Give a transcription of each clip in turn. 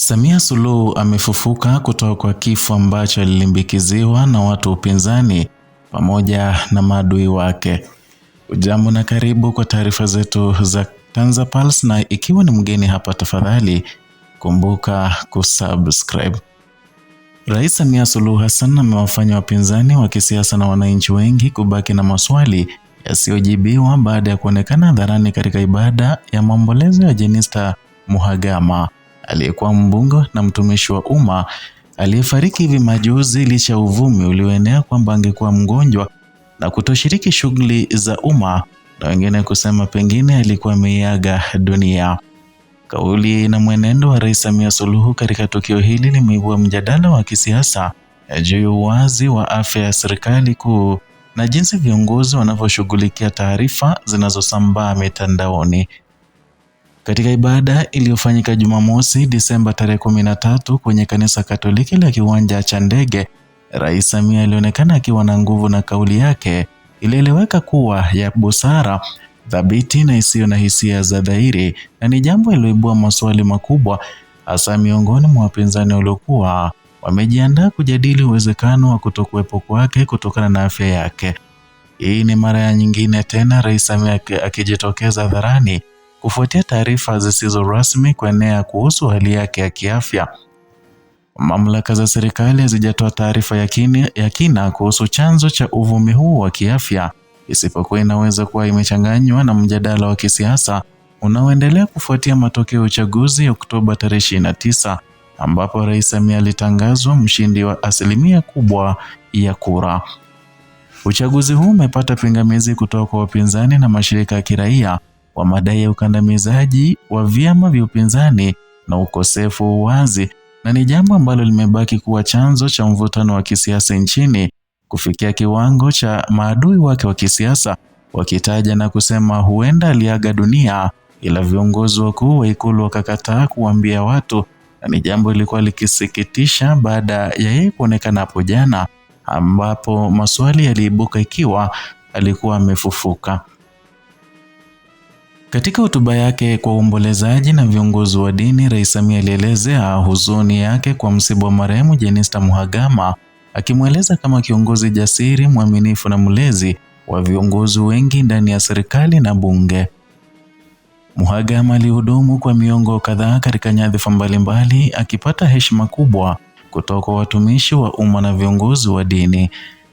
Samia Suluhu amefufuka kutoka kwa kifo ambacho alilimbikiziwa na watu upinzani pamoja na maadui wake. Ujambo na karibu kwa taarifa zetu za TanzaPulse, na ikiwa ni mgeni hapa, tafadhali kumbuka kusubscribe. Rais Samia Suluhu Hassan amewafanya wapinzani wa kisiasa na wananchi wengi kubaki na maswali yasiyojibiwa baada ya kuonekana hadharani katika ibada ya maombolezo ya Jenista Muhagama aliyekuwa mbunge na mtumishi wa umma aliyefariki hivi majuzi licha ya uvumi ulioenea kwamba angekuwa mgonjwa na kutoshiriki shughuli za umma na wengine kusema pengine alikuwa miaga dunia. Kauli na mwenendo wa Rais Samia Suluhu katika tukio hili limeibua mjadala wa kisiasa juu ya uwazi wa afya ya serikali kuu na jinsi viongozi wanavyoshughulikia taarifa zinazosambaa mitandaoni. Katika ibada iliyofanyika Jumamosi, Disemba tarehe 13 kwenye kanisa Katoliki la kiwanja cha ndege, Rais Samia alionekana akiwa na nguvu na kauli yake ilieleweka kuwa ya busara, thabiti na isiyo na hisia za dhahiri, na ni jambo liloibua maswali makubwa, hasa miongoni mwa wapinzani waliokuwa wamejiandaa kujadili uwezekano wa kutokuwepo kwake kutokana na afya yake. Hii ni mara ya nyingine tena Rais Samia akijitokeza hadharani kufuatia taarifa zisizo rasmi kuenea kuhusu hali yake ya kiafya. Mamlaka za serikali hazijatoa taarifa ya kina kuhusu chanzo cha uvumi huu wa kiafya, isipokuwa inaweza kuwa imechanganywa na mjadala wa kisiasa unaoendelea kufuatia matokeo ya uchaguzi Oktoba tarehe 29 ambapo Rais Samia alitangazwa mshindi wa asilimia kubwa ya kura. Uchaguzi huu umepata pingamizi kutoka kwa wapinzani na mashirika ya kiraia wa madai ya ukandamizaji wa vyama vya upinzani na ukosefu wa uwazi, na ni jambo ambalo limebaki kuwa chanzo cha mvutano wa kisiasa nchini kufikia kiwango cha maadui wake wa kisiasa wakitaja na kusema huenda aliaga dunia, ila viongozi wakuu wa Ikulu wakakataa kuambia watu, na ni jambo lilikuwa likisikitisha baada ya yeye kuonekana hapo jana, ambapo maswali yaliibuka ikiwa alikuwa amefufuka. Katika hotuba yake kwa uombolezaji na viongozi wa dini, Rais Samia alielezea huzuni yake kwa msiba wa marehemu Jenista Mhagama, akimweleza kama kiongozi jasiri, mwaminifu na mlezi wa viongozi wengi ndani ya serikali na bunge. Mhagama alihudumu kwa miongo kadhaa katika nyadhifa mbalimbali, akipata heshima kubwa kutoka kwa watumishi wa umma na viongozi wa dini.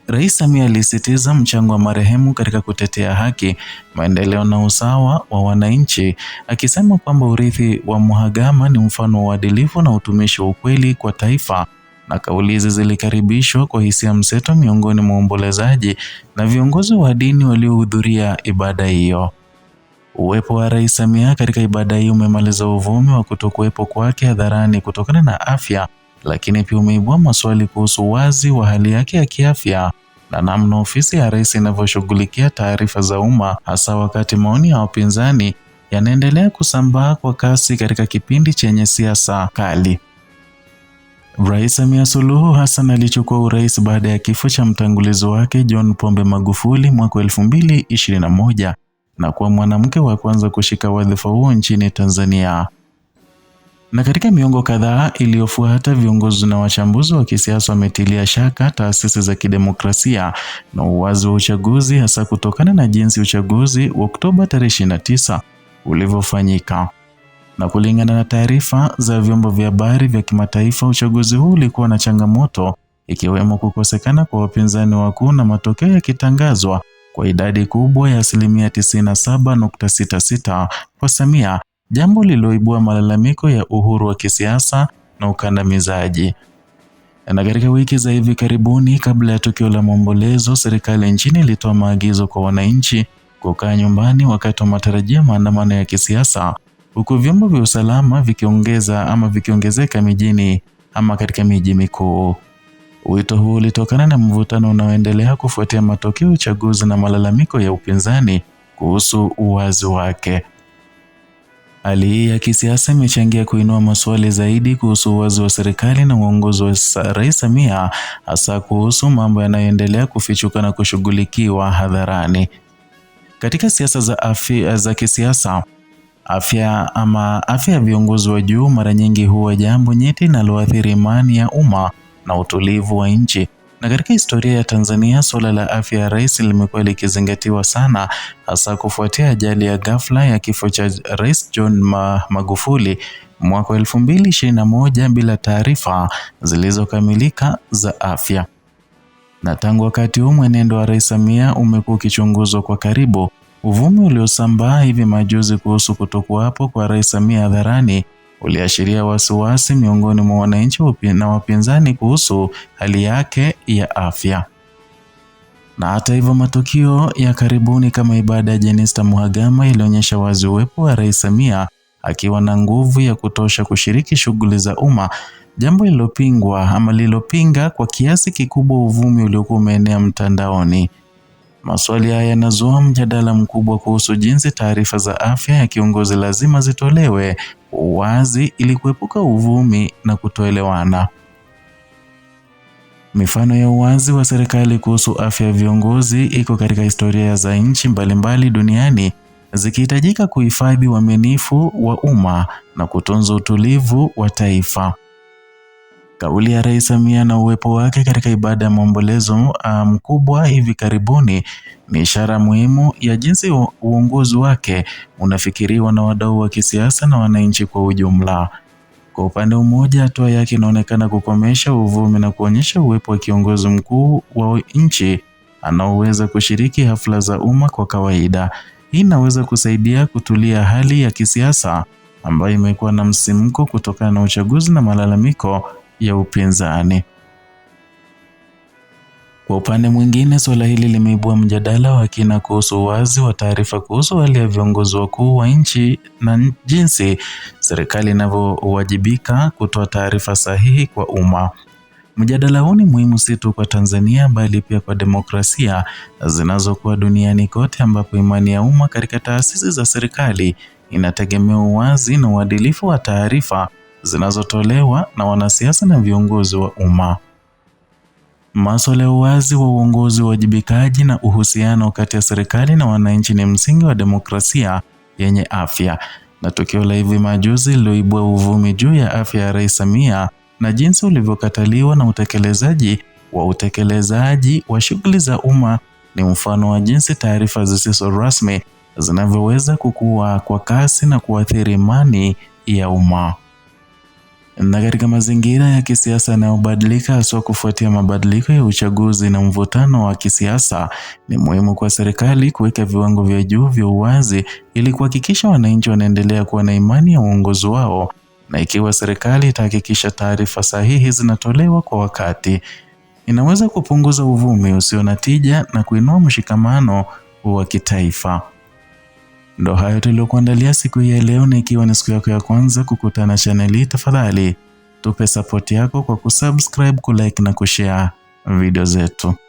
Rais Samia alisisitiza mchango wa marehemu katika kutetea haki, maendeleo na usawa wa wananchi, akisema kwamba urithi wa Mhagama ni mfano wa uadilifu na utumishi wa ukweli kwa taifa. Na kauli hizi zilikaribishwa kwa hisia mseto miongoni mwa waombolezaji na viongozi wa dini waliohudhuria ibada hiyo. Uwepo wa Rais Samia katika ibada hiyo umemaliza uvumi wa kutokuwepo kwake hadharani kutokana na afya lakini pia umeibua maswali kuhusu wazi wa hali yake ya kiafya na namna ofisi ya rais inavyoshughulikia taarifa za umma, hasa wakati maoni ya wapinzani yanaendelea kusambaa kwa kasi katika kipindi chenye siasa kali. Rais Samia Suluhu Hassan alichukua urais baada ya kifo cha mtangulizi wake John Pombe Magufuli mwaka moja na kuwa mwanamke wa kwanza kushika wadhifa huo nchini Tanzania. Na katika miongo kadhaa iliyofuata viongozi na wachambuzi wa kisiasa wametilia shaka taasisi za kidemokrasia na uwazi wa uchaguzi hasa kutokana na jinsi uchaguzi wa Oktoba tarehe 29 ulivyofanyika. Na kulingana na taarifa za vyombo vya habari vya kimataifa, uchaguzi huu ulikuwa na changamoto ikiwemo kukosekana kwa wapinzani wakuu na matokeo yakitangazwa kwa idadi kubwa ya asilimia 97.66 kwa Samia jambo lililoibua malalamiko ya uhuru wa kisiasa na ukandamizaji. Na katika wiki za hivi karibuni, kabla ya tukio la maombolezo, serikali nchini ilitoa maagizo kwa wananchi kukaa nyumbani wakati wa matarajia maandamano ya kisiasa, huku vyombo vya usalama vikiongeza ama vikiongezeka mijini ama katika miji mikuu. Wito huu ulitokana na mvutano unaoendelea kufuatia matokeo ya uchaguzi na malalamiko ya upinzani kuhusu uwazi wake. Hali hii ya kisiasa imechangia kuinua maswali zaidi kuhusu uwazi wa serikali na uongozi wa Rais Samia, hasa kuhusu mambo yanayoendelea kufichuka na kushughulikiwa hadharani. Katika siasa za afya za kisiasa afya ama afya ya viongozi wa juu mara nyingi huwa jambo nyeti linaloathiri imani ya umma na utulivu wa nchi. Na katika historia ya Tanzania, suala la afya ya rais limekuwa likizingatiwa sana, hasa kufuatia ajali ya ghafla ya kifo cha Rais John Magufuli mwaka moja bila taarifa zilizokamilika za afya. Na tangu wakati huu mwenendo wa Rais Samia umekuwa ukichunguzwa kwa karibu. Uvumi uliosambaa hivi majuzi kuhusu kutokuwapo kwa Rais Samia hadharani uliashiria wasiwasi miongoni mwa wananchi na wapinzani kuhusu hali yake ya afya. Na hata hivyo, matukio ya karibuni kama ibada ya Jenista Mhagama yalionyesha wazi uwepo wa Rais Samia akiwa na nguvu ya kutosha kushiriki shughuli za umma, jambo lililopingwa ama lililopinga kwa kiasi kikubwa uvumi uliokuwa umeenea mtandaoni. Maswali haya yanazua mjadala mkubwa kuhusu jinsi taarifa za afya ya kiongozi lazima zitolewe kwa uwazi ili kuepuka uvumi na kutoelewana. Mifano ya uwazi wa serikali kuhusu afya ya viongozi iko katika historia za nchi mbalimbali duniani zikihitajika kuhifadhi uaminifu wa umma na kutunza utulivu wa taifa. Kauli ya Rais Samia na uwepo wake katika ibada ya maombolezo ah, mkubwa hivi karibuni ni ishara muhimu ya jinsi uongozi wake unafikiriwa na wadau wa kisiasa na wananchi kwa ujumla. Kwa upande mmoja, hatua yake inaonekana kukomesha uvumi na kuonyesha uwepo wa kiongozi mkuu wa nchi anaoweza kushiriki hafla za umma kwa kawaida. Hii inaweza kusaidia kutulia hali ya kisiasa ambayo imekuwa na msimko kutokana na uchaguzi na malalamiko ya upinzani. Kwa upande mwingine, suala hili limeibua mjadala wa kina kuhusu uwazi wa taarifa kuhusu hali ya viongozi wakuu wa nchi na jinsi serikali inavyowajibika kutoa taarifa sahihi kwa umma. Mjadala huu ni muhimu si tu kwa Tanzania bali pia kwa demokrasia zinazokuwa duniani kote, ambapo imani ya umma katika taasisi za serikali inategemea uwazi na uadilifu wa taarifa zinazotolewa na wanasiasa na viongozi wa umma. Masuala ya uwazi wa uongozi, uwajibikaji na uhusiano kati ya serikali na wananchi ni msingi wa demokrasia yenye afya. Na tukio la hivi majuzi liloibua uvumi juu ya afya ya Rais Samia na jinsi ulivyokataliwa na utekelezaji wa utekelezaji wa shughuli za umma ni mfano wa jinsi taarifa zisizo rasmi zinavyoweza kukua kwa kasi na kuathiri imani ya umma na katika mazingira ya kisiasa yanayobadilika haswa kufuatia mabadiliko ya uchaguzi na mvutano wa kisiasa, ni muhimu kwa serikali kuweka viwango vya juu vya uwazi ili kuhakikisha wananchi wanaendelea kuwa na imani ya uongozi wao, na ikiwa serikali itahakikisha taarifa sahihi zinatolewa kwa wakati, inaweza kupunguza uvumi usio na tija na kuinua mshikamano wa kitaifa. Ndo hayo tuliokuandalia siku ya leo, na ikiwa ni siku yako ya kwanza kukutana hii, tafadhali tupe sapoti yako kwa kusubscribe, kulike na kushare video zetu.